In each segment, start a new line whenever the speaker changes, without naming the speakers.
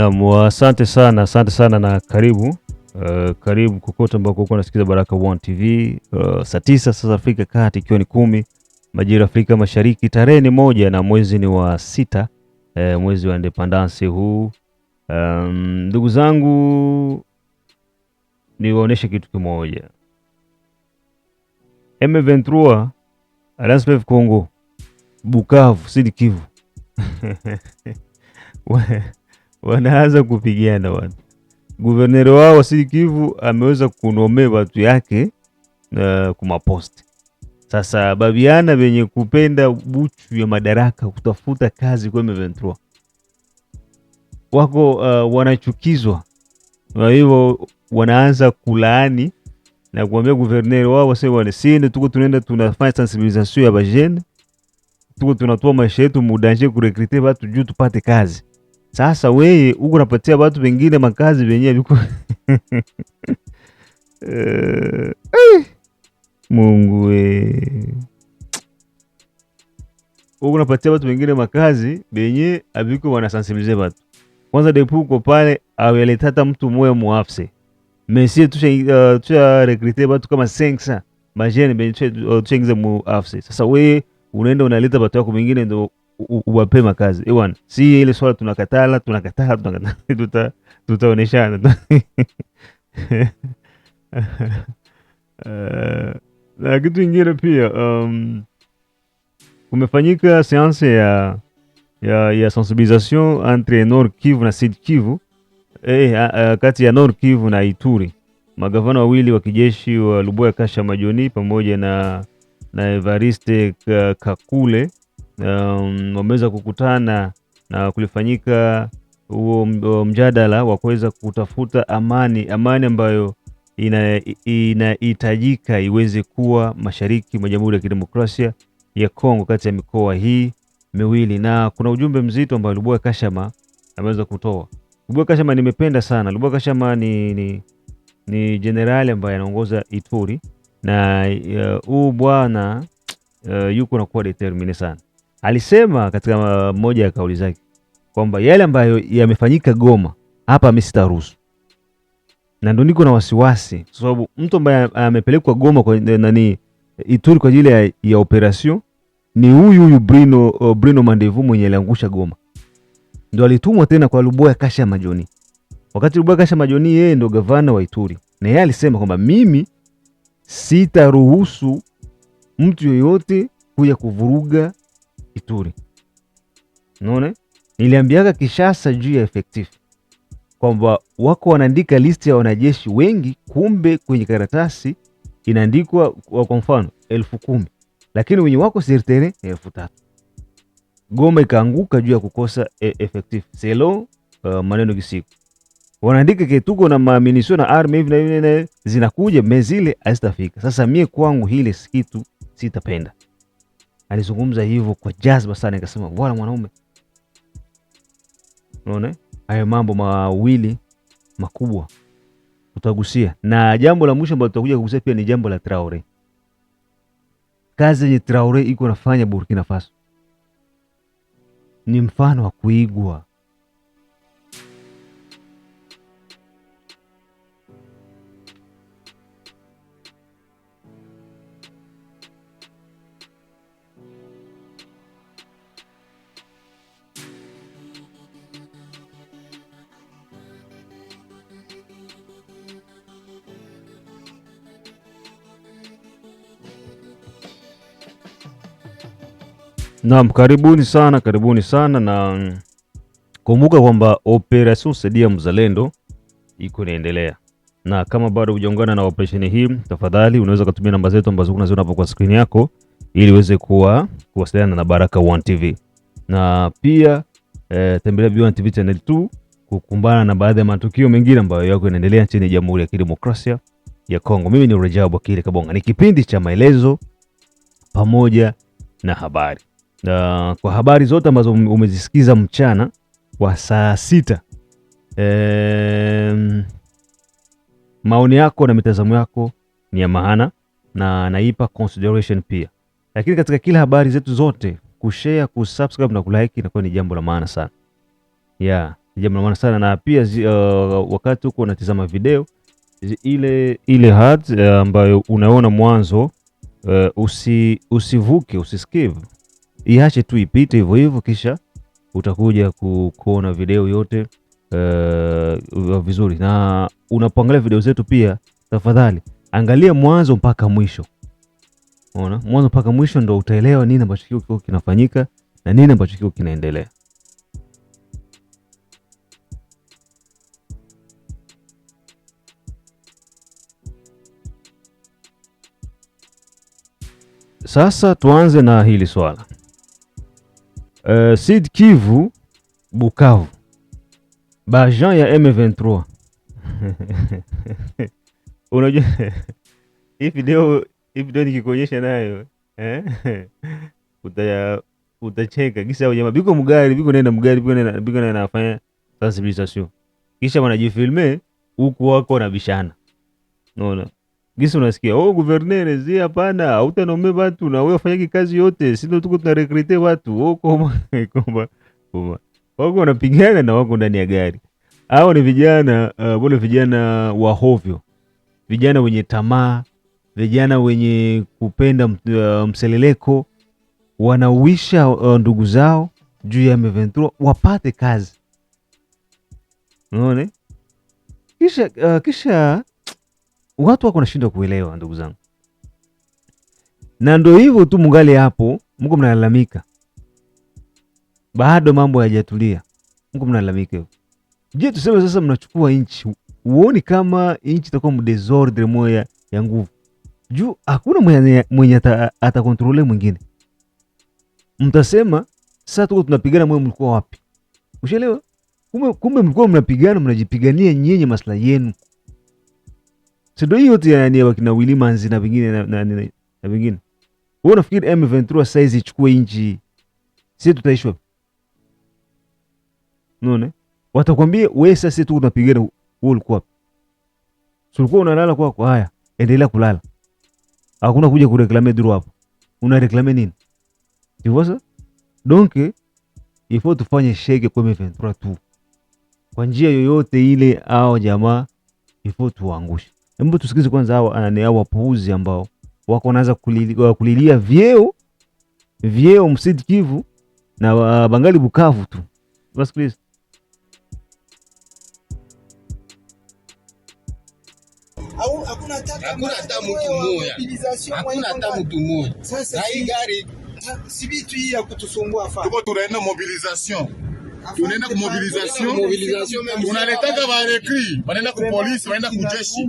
Naam, asante sana, asante sana na karibu uh, karibu kokote ambako uko unasikiza Baraka One TV uh, eh, saa tisa sasa Afrika Kati ikiwa ni kumi majira Afrika Mashariki, tarehe ni moja na mwezi ni wa sita uh, mwezi wa Independence huu. Ndugu zangu niwaoneshe kitu kimoja, M23 Alliance Fleuve Congo Bukavu, Sud Kivu wanaanza kupigana watu. Guverneri wao wa Sud Kivu ameweza kunomea watu yake na kumaposti sasa babiana venye kupenda buchu ya madaraka kutafuta kazi kwa M23 wako uh, wanachukizwa na hivyo wanaanza kulaani na kuambia guverneri wao wasema wale sinde, tuko tunaenda tunafanya sensibilisation ya bajene, tuko tunatoa maisha yetu mudanje kurekrite watu juu tupate kazi. Sasa weye huko unapatia watu wengine makazi wenyewe biko eh, Mungu wewe huko unapatia watu wengine makazi benye abiko wanasensibilize watu kwanza, depo uko pale aweletata mtu moya muafse mesie tusha, uh, tusha watu kama sensa bajene benye tushaingiza tusha muafse. Sasa weye unaenda unaleta watu wako wengine ndo uwape makazi ewan, eh, si ile swala tunakatala tunakatala tunakatala, tuta tutaoneshana uh, na kitu ingine pia um, kumefanyika seanse ya, ya, ya sensibilisation entre Nord Kivu na Sud Kivu eh, uh, kati ya Nord Kivu na Ituri. Magavana wawili wa kijeshi wa Luboya Kasha Majoni pamoja na, na Evariste Kakule um, wameweza kukutana na kulifanyika huo mjadala wa kuweza kutafuta amani, amani ambayo inahitajika ina iweze kuwa mashariki mwa Jamhuri ya Kidemokrasia ya Kongo kati ya mikoa hii miwili, na kuna ujumbe mzito ambao Luboya Kashama ameweza kutoa. Luboya Kashama nimependa sana. Luboya Kashama ni, ni, ni jenerali ambaye anaongoza Ituri na uh, huu uh, bwana uh, yuko kuwa determine sana Alisema katika uh, moja ya kauli zake kwamba yale ambayo yamefanyika Goma hapa mimi sitaruhusu, na ndio niko na wasiwasi kwa sababu mtu ambaye amepelekwa Goma kwa eh, nani Ituri kwa ajili ya, ya operation ni huyu huyu Brino, uh, Brino Mandevu mwenye aliangusha Goma, ndo alitumwa tena kwa Luboya Kasha Majoni. Wakati Luboya Kasha Majoni yeye ndo gavana wa Ituri, na yeye alisema kwamba mimi sitaruhusu mtu yoyote kuja kuvuruga Ituri. Unaona? Niliambiaga Kishasa juu ya effective kwamba wako wanaandika listi ya wanajeshi wengi, kumbe kwenye karatasi inaandikwa kwa mfano elfu kumi lakini wenye wako sirtere elfu tatu. Goma ikaanguka juu ya kukosa e effective selo. Uh, maneno kisiku wanaandika ke na maaminisho na army hivi na hivi zinakuja, mezile hazitafika. Sasa mie kwangu hile kitu sitapenda alizungumza hivyo kwa jazba sana, akasema bwana mwanaume, unaona hayo mambo mawili makubwa utagusia, na jambo la mwisho ambalo tutakuja kugusia pia ni jambo la Traore, kazi yenye Traore iko nafanya Burkina Faso ni mfano wa kuigwa. Naam, karibuni sana, karibuni sana na kumbuka kwamba Operation Saidia Mzalendo iko inaendelea, na kama bado hujaungana na operation hii, tafadhali unaweza kutumia namba zetu ambazo unaziona hapo kwa screen yako ili uweze kuwa kuwasiliana na Baraka One TV na pia e, tembelea Baraka One TV channel 2 kukumbana na baadhi ya matukio mengine ambayo yako yanaendelea nchini Jamhuri ya Kidemokrasia ya Kongo. Mimi ni Rajabu Akili Kabonga, ni kipindi cha maelezo pamoja na habari. Uh, kwa habari zote ambazo umezisikiza mchana wa saa sita, e, maoni yako na mitazamo yako ni ya maana na naipa consideration pia, lakini katika kila habari zetu zote kushare, kusubscribe na kulike inakuwa ni jambo la maana sana yeah, jambo la maana sana na pia uh, wakati huko unatizama video ile ile eh, ambayo unaona mwanzo uh, usi, usivuke usiskive iache tu ipite hivyo hivyo, kisha utakuja kuona video yote uh, vizuri. Na unapoangalia video zetu pia, tafadhali angalia mwanzo mpaka mwisho. Unaona, mwanzo mpaka mwisho ndo utaelewa nini ambacho kiko kinafanyika na nini ambacho kiko kinaendelea. Sasa tuanze na hili swala uh, Sud Kivu, Bukavu, bajan ya M23 unajua hii video hii video nikikuonyesha nayo eh? Uta utacheka kisa au jamaa biko mgari biko nenda mgari biko nenda biko nenda nafanya sensibilisation, kisha wanajifilme huku wako na bishana, unaona gisi unasikia oh, guvernere zi hapana, hautanome watu na wewe ufanyaki kazi yote, si ndio tuko tunarekrite watu oh, koma koma koma, wako wanapigana na wako ndani ya gari. Hao ni vijana uh, bole vijana wa hovyo, vijana wenye tamaa, vijana wenye kupenda uh, mseleleko, wanawisha uh, ndugu zao juu ya M23 wapate kazi, unaona kisha uh, kisha watu wako nashindwa kuelewa ndugu zangu, na ndio hivyo tu, mungali hapo, mko mnalalamika, bado mambo hayajatulia, mko mnalalamika hivyo. Je, tuseme sasa mnachukua nchi, uoni kama nchi itakuwa mdesordre moya ya nguvu juu hakuna mwenye, mwenye atakontrole mwingine. Mtasema sasa tuko tunapigana, mwe mlikuwa wapi? Ushaelewa? Kumbe kumbe mlikuwa mnapigana, mnajipigania nyenye maslahi yenu sindo hiyo hiyo yani wakina Willimanzi na vingine na, na, na, na vingine. Wewe unafikiri M23 size ichukue inji, sisi tutaishwa? wapi? Unaona, watakwambia wewe sasa tu tunapigana wewe ulikuwa wapi? Si ulikuwa kwa kwako? Haya, endelea kulala, hakuna kuja kureklame duru hapo. Una reklame nini? Hivyo sasa donc il faut tufanye shege kwa M23 tu, kwa njia yoyote ile, au jamaa ifo tuangushe Hebu tusikize kwanza hawa nani, hawa wapuuzi ambao wako wanaanza kulilia, kulilia vyeo vyeo Msidi Kivu na uh, Bangali Bukavu tu basi please.
Hakuna hata mtu mmoja, hakuna hata mtu mmoja. Sasa hii gari si vitu hii ya kutusumbua, tuko tunaenda mobilisation
tunaenda ku mobilisation, tunaletaka barekri wanaenda ku polisi, wanaenda ku jeshi.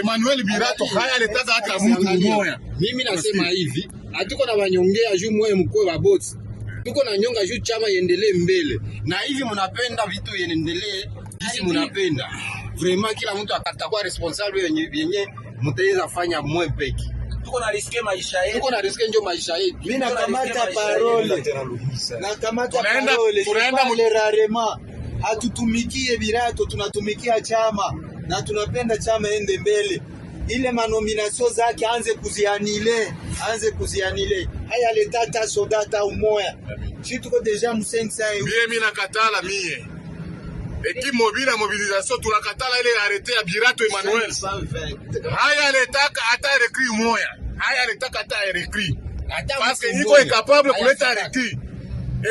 Emmanuel Birato ah, haya aletaka hata mtu mmoja. Mimi nasema hivi, hatuko na wanyongea juu mwe mkoe wa boti, tuko na nyonga juu chama iendelee mbele, na hivi mnapenda vitu iendelee hizi, mnapenda vraiment, kila mtu akatakuwa responsable yenye mtaweza fanya mwe tuko na riske maisha yetu, tuko na riske ndio maisha yetu. Mimi nakamata parole, nakamata parole, tunaenda mulerarema, hatutumikie birato, tunatumikia chama na tunapenda chama ende mbele ile manominasio zake anze kuzianile, anze kuzianile. Haya letata sodata soda ta umoya, si tuko deja mu 500 Mie mimi nakatala mie Eki mobile mobilisation, tunakatala ile arete ya Birato Emmanuel. Haya leta ata rekri umoya haya alitaka hata recri parce que niko incapable kuleta recri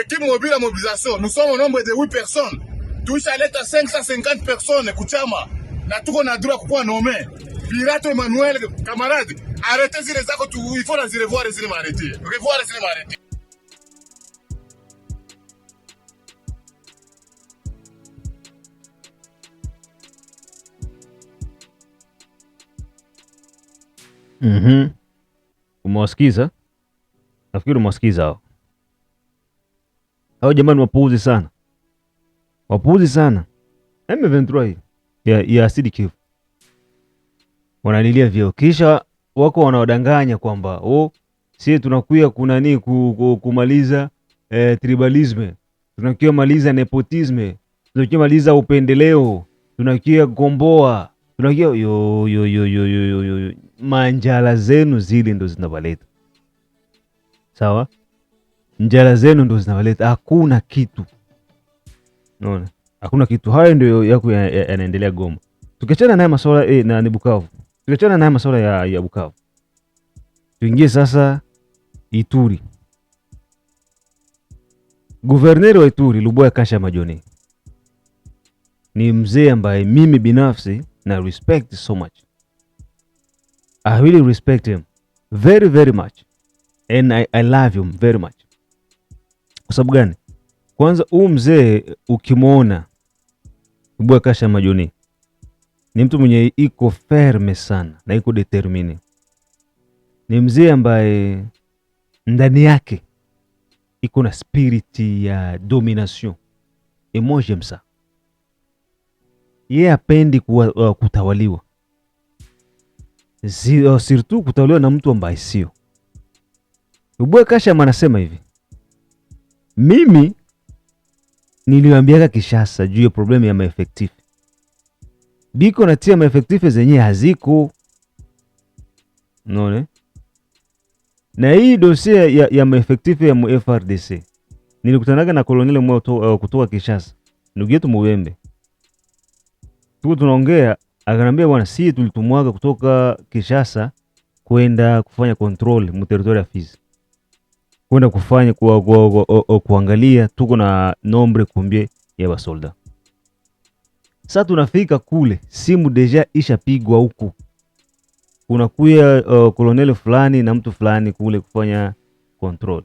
ekipe mobile ya mobilisation nous sommes au nombre de 8 personnes tuishaleta 550 personnes kuchama na tuko na droit kukuwa nome Pirato Emmanuel camarade arrêtez zile zako tu il faut nazile voir zile m'arrêter revoir zile m'arrêter
Mm-hmm. Umewasikiza? Nafikiri umewasikiza hao. Hao jamani wapuuzi sana. Wapuuzi sana. M23 ya, ya asidi Kivu. Wanalilia vyeo kisha wako wanaodanganya kwamba oh, sisi tunakuya kunani kumaliza eh, tribalisme tunakia maliza nepotisme tunakia maliza upendeleo tunakia gomboa tunakia yo, yo, yo, yo, yo, yo, yo manjala zenu zile ndo zinavaleta sawa, njala zenu ndo zinavaleta, hakuna kitu naona, hakuna kitu. Hayo ndio yako yanaendelea ya, ya Goma. Tukiachana naye masuala eh, na ni Bukavu, tukiachana naye masuala ya, ya Bukavu, tuingie sasa Ituri. Guverneri wa Ituri Luboya Kasha Majoni ni mzee ambaye mimi binafsi na respect so much I really respect him very very much and I, I love him very much. Kwa sababu gani? Kwanza huu mzee ukimwona Ibua Kasha Majuni ni mtu mwenye iko ferme sana na iko determine. Ni mzee ambaye ndani yake iko na spiriti ya domination emojem msa yeye apendi uh, kutawaliwa siri si eh, kutawaliwa na mtu ambaye sio. Ubwe Kasha anasema hivi, mimi niliwambiaka Kishasa juu ya problemu ya maefektife biko natia maefektife zenye haziko none na hii dosie ya, ya maefektife ya mfrdc nilikutanaga na kolonele mwa eh, kutoka Kishasa, ndugu yetu Muwembe, tuko tunaongea akanambia bwana, si tulitumwaga kutoka Kishasa kwenda kufanya control mu territory ya Fizi, kwenda kufanya kwa, kwa, kwa, kwa, kwa, kuangalia tuko na nombre kumbie ya basolda. Sasa tunafika kule, simu deja ishapigwa huku, kunakuya kuya uh, fulani na mtu fulani kule kufanya control.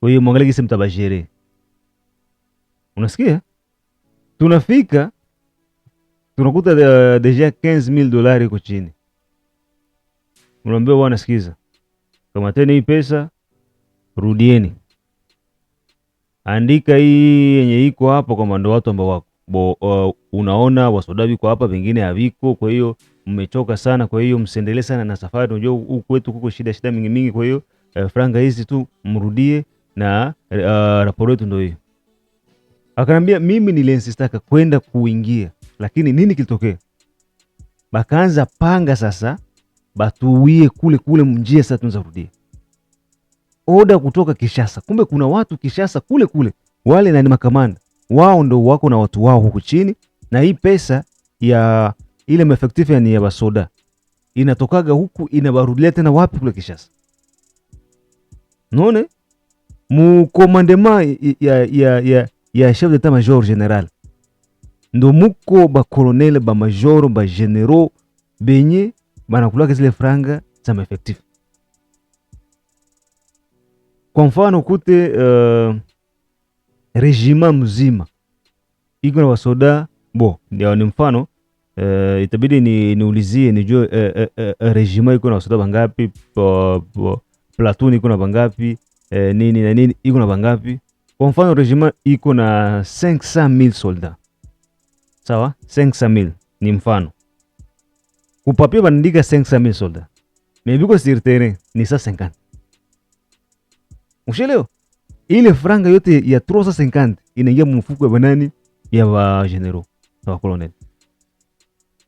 Kwa hiyo mwangalie kisi mtabajere, unasikia tunafika tunakuta uh, deja 15000 dolari iko chini, unaambia bwana, sikiza, kamateni hii pesa, rudieni, andika hii yenye iko hapo, kwamba ndio watu ambao uh, unaona wasoda viko hapa, vingine haviko, kwa hiyo mmechoka sana, kwa hiyo msiendelee sana na safari. Unajua huku wetu kuko shida shida mingi mingi, kwa hiyo uh, franga hizi tu mrudie na uh, raporo yetu ndio hiyo. Akanambia mimi nilinsistaka kwenda kuingia lakini nini kilitokea? Bakaanza panga sasa, batuwie kule kule mjia. Sasa tunza rudia oda kutoka Kishasa. Kumbe kuna watu Kishasa kule kule, wale ni makamanda wao ndo wako na watu wao huku chini, na hii pesa ya ile mefektifu ni ya basoda inatokaga huku inabarudia tena wapi? Kule Kishasa. None mukomandema ya ya ya, ya chef d'etat major general ndo muko bakolonele bamajoro bagenero benye banakulaka zile franga za maefektif. Kwa mfano kute uh, regima mzima iko na wasoda bo, ni mfano uh, itabidi ni, niulizie nijue uh, uh, uh, iko na wasoda bangapi, platuni iko na bangapi, uh, nini na nini iko na bangapi. Kwa mfano regima iko na 500,000 soldat sawa, 5000 ni mfano ku papier bandika 500000 solda mais biko sur terrain ni sa 150. Msheleo ile franga yote ya 350 inaingia mfuko ya banani ya ba general na ba colonel.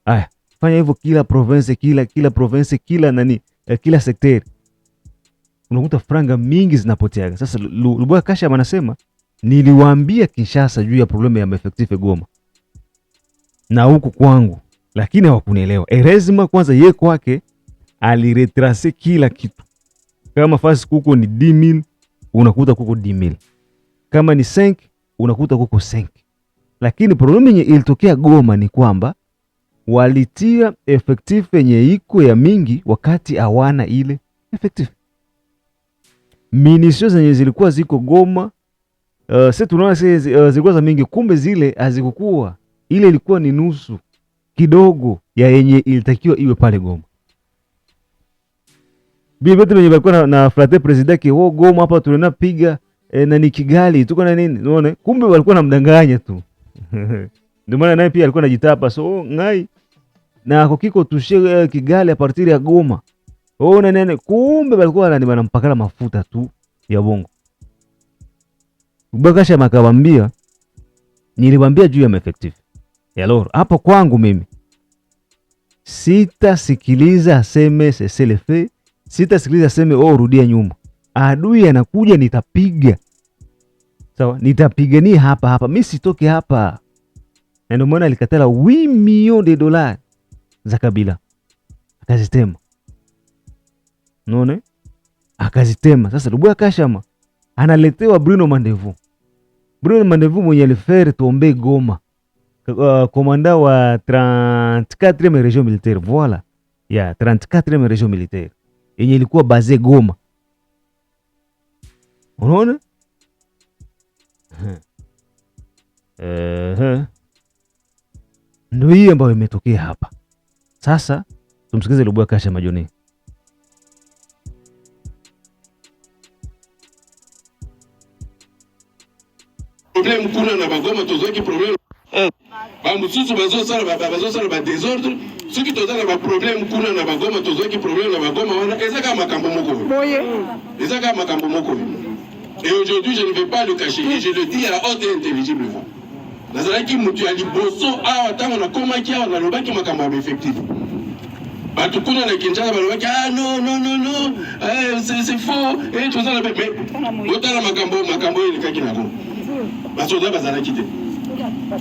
Aya, fanya hivyo kila province, kila kila province, kila nani, eh, kila sekteri unakuta franga mingi zinapoteaga. Sasa Luboya Kasha anasema niliwaambia Kinshasa juu ya problema ya maefektife Goma na huku kwangu, lakini hawakunielewa. Erezima kwanza ye kwake aliretrase kila kitu. Kama fasi kuko ni dimil, unakuta kuko dimil, kama ni senk unakuta kuko senk. Lakini problemu yenye ilitokea Goma ni kwamba walitia efektifu yenye iko ya mingi, wakati hawana ile efektifu. Minisio zenye zilikuwa ziko Goma, uh, se tunaona uh, zilikuwa za mingi, kumbe zile hazikukuwa ile ilikuwa ni nusu kidogo ya yenye ilitakiwa iwe pale Goma. Bibi yote wenye walikuwa na, na frate president ke wo oh, Goma hapa tunapiga e, eh, na ni Kigali tuko na nini unaona, kumbe walikuwa namdanganya tu ndio maana naye pia alikuwa anajitapa so oh, ngai na kwa kiko tushe uh, eh, Kigali a partir ya Goma oh na nene, kumbe walikuwa wanampakala mafuta tu ya bongo. Bukasha makawambia niliwambia juu ya effective ya Loro. Hapo kwangu mimi sitasikiliza aseme seselefe, sitasikiliza aseme oh, rudia nyuma. Adui anakuja, nitapiga sawa, nitapigania hapa hapa, mi sitoke hapa. Na ndio maana alikatala 8 millions de dollars za Kabila, akazitema none, akazitema. Sasa Lubuya Kashama analetewa Bruno Mandevu, Bruno Mandevu mwenye alifere tuombe Goma euh, commandant wa 34e région militaire voilà ya yeah, 34e région militaire yenye ilikuwa baze Goma, unaona uh-huh. Ndio hii ambayo imetokea hapa sasa. Tumsikize Lubwa Kasha Majoni.
problem kuna na bagoma tozoki problem problème et aujourd'hui je ne vais pas le cacher je le dis à la haute et intelligible ah, non, non, non, non. Eh, c'est faux eh, mais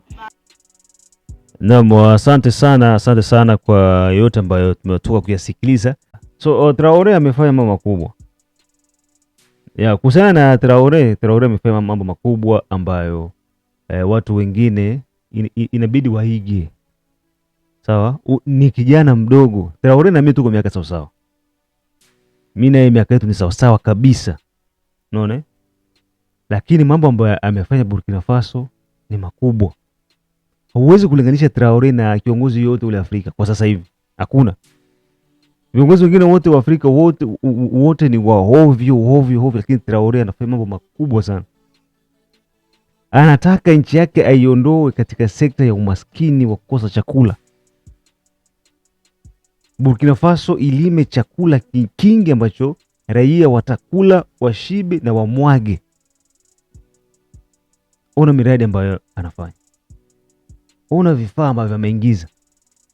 Naam, asante sana, asante sana kwa yote ambayo tumetoka kuyasikiliza. So uh, Traore amefanya mambo makubwa ya kuhusiana na Traore. Traore amefanya mambo makubwa ambayo eh, watu wengine in, in, inabidi waige. Sawa, ni kijana mdogo Traore, na mimi tuko miaka sawa, mimi yeye miaka yetu ni sawa kabisa, unaona, lakini mambo ambayo amefanya Burkina Faso ni makubwa Huwezi kulinganisha Traore na kiongozi yote ule Afrika kwa sasa hivi, hakuna viongozi wengine wote wa Afrika wote, wote ni wa hovyo hovyo hovyo, lakini Traore anafanya mambo makubwa sana. Anataka nchi yake aiondoe katika sekta ya umaskini wa kukosa chakula. Burkina Faso ilime chakula kingi ambacho raia watakula, washibe na wamwage. Ona miradi ambayo anafanya una vifaa ambavyo ameingiza.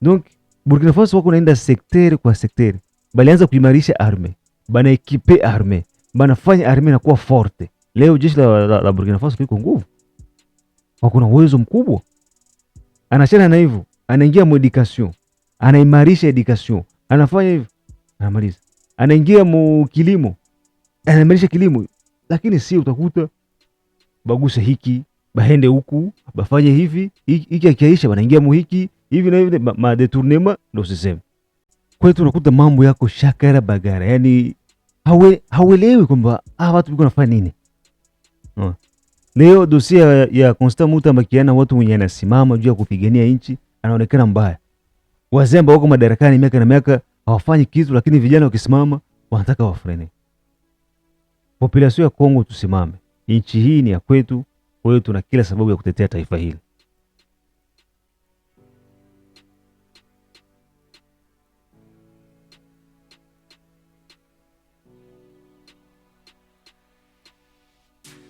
Donc Burkina Faso wako naenda sekteri kwa sekteri, balianza kuimarisha arme, bana ekipe arme, bana fanya arme na kuwa forte. Leo jeshi la, la, la Burkina Faso liko nguvu, wako na uwezo mkubwa. Anachana na hivyo, anaingia mu education, anaimarisha education, anafanya hivyo, anamaliza, anaingia mu kilimo, anaimarisha kilimo, lakini si utakuta baguse hiki baende huku bafanye hivi, hiki akiaisha wanaingia muhiki hivi na hivi, madetournema ndo siseme. Kwa hiyo tunakuta mambo yako shakara bagara, yani hawe hawelewi kwamba ah, watu walikuwa nafanya nini no. Leo dosia ya, Constant Mutamba Kiana, watu mwenye anasimama juu ya kupigania nchi anaonekana mbaya. Wazembe wako madarakani miaka na miaka hawafanyi kitu, lakini vijana wakisimama wanataka wafrene. Populasio ya Kongo, tusimame, nchi hii ni ya kwetu. Kwa hiyo tuna kila sababu ya kutetea taifa hili.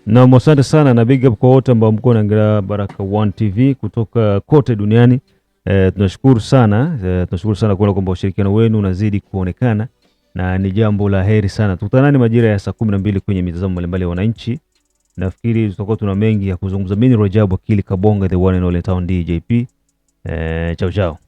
Na asante sana na big up kwa wote ambao mko naangalia Baraka One TV kutoka kote duniani. E, tunashukuru sana e, tunashukuru sana kuona kwamba ushirikiano wenu unazidi kuonekana na ni jambo la heri sana. Tukutanani majira ya saa kumi na mbili kwenye mitazamo mbalimbali ya wananchi nafikiri tutakuwa tuna mengi ya kuzungumza. Mimi ni Rajabu Akili Kabonga, the one and only town DJP. Eh, chao chao.